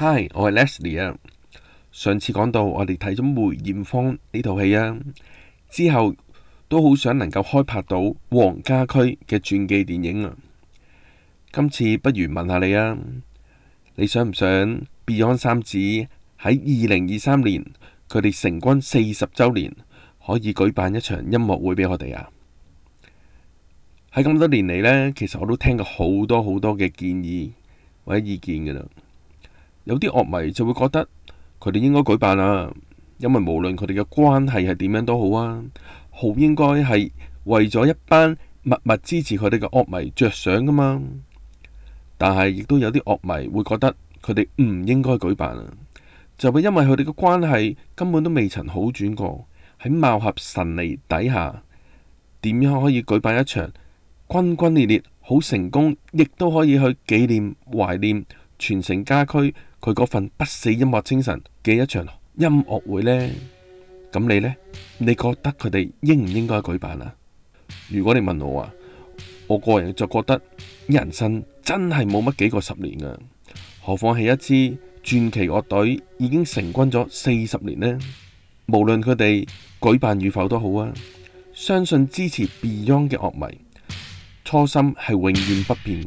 Hi，我係 Leslie 啊。上次講到我哋睇咗梅艷芳呢套戲啊，之後都好想能夠開拍到黃家駒嘅傳記電影啊。今次不如問下你啊，你想唔想 Beyond 三子喺二零二三年佢哋成軍四十週年可以舉辦一場音樂會俾我哋啊？喺咁多年嚟呢，其實我都聽過好多好多嘅建議或者意見㗎啦。有啲樂迷就會覺得佢哋應該舉辦啊，因為無論佢哋嘅關係係點樣都好啊，好應該係為咗一班默默支持佢哋嘅樂迷着想㗎嘛。但係亦都有啲樂迷會覺得佢哋唔應該舉辦啊，就會因為佢哋嘅關係根本都未曾好轉過，喺貌合神離底下，點樣可以舉辦一場轟轟烈烈、好成功，亦都可以去紀念懷念，懷念傳承家駒佢嗰份不死音樂精神嘅一場音樂會呢？咁你呢？你覺得佢哋應唔應該舉辦啊？如果你問我啊，我個人就覺得，人生真係冇乜幾個十年㗎，何況係一支傳奇樂隊已經成軍咗四十年呢？無論佢哋舉辦與否都好啊，相信支持 Beyond 嘅樂迷初心係永遠不變。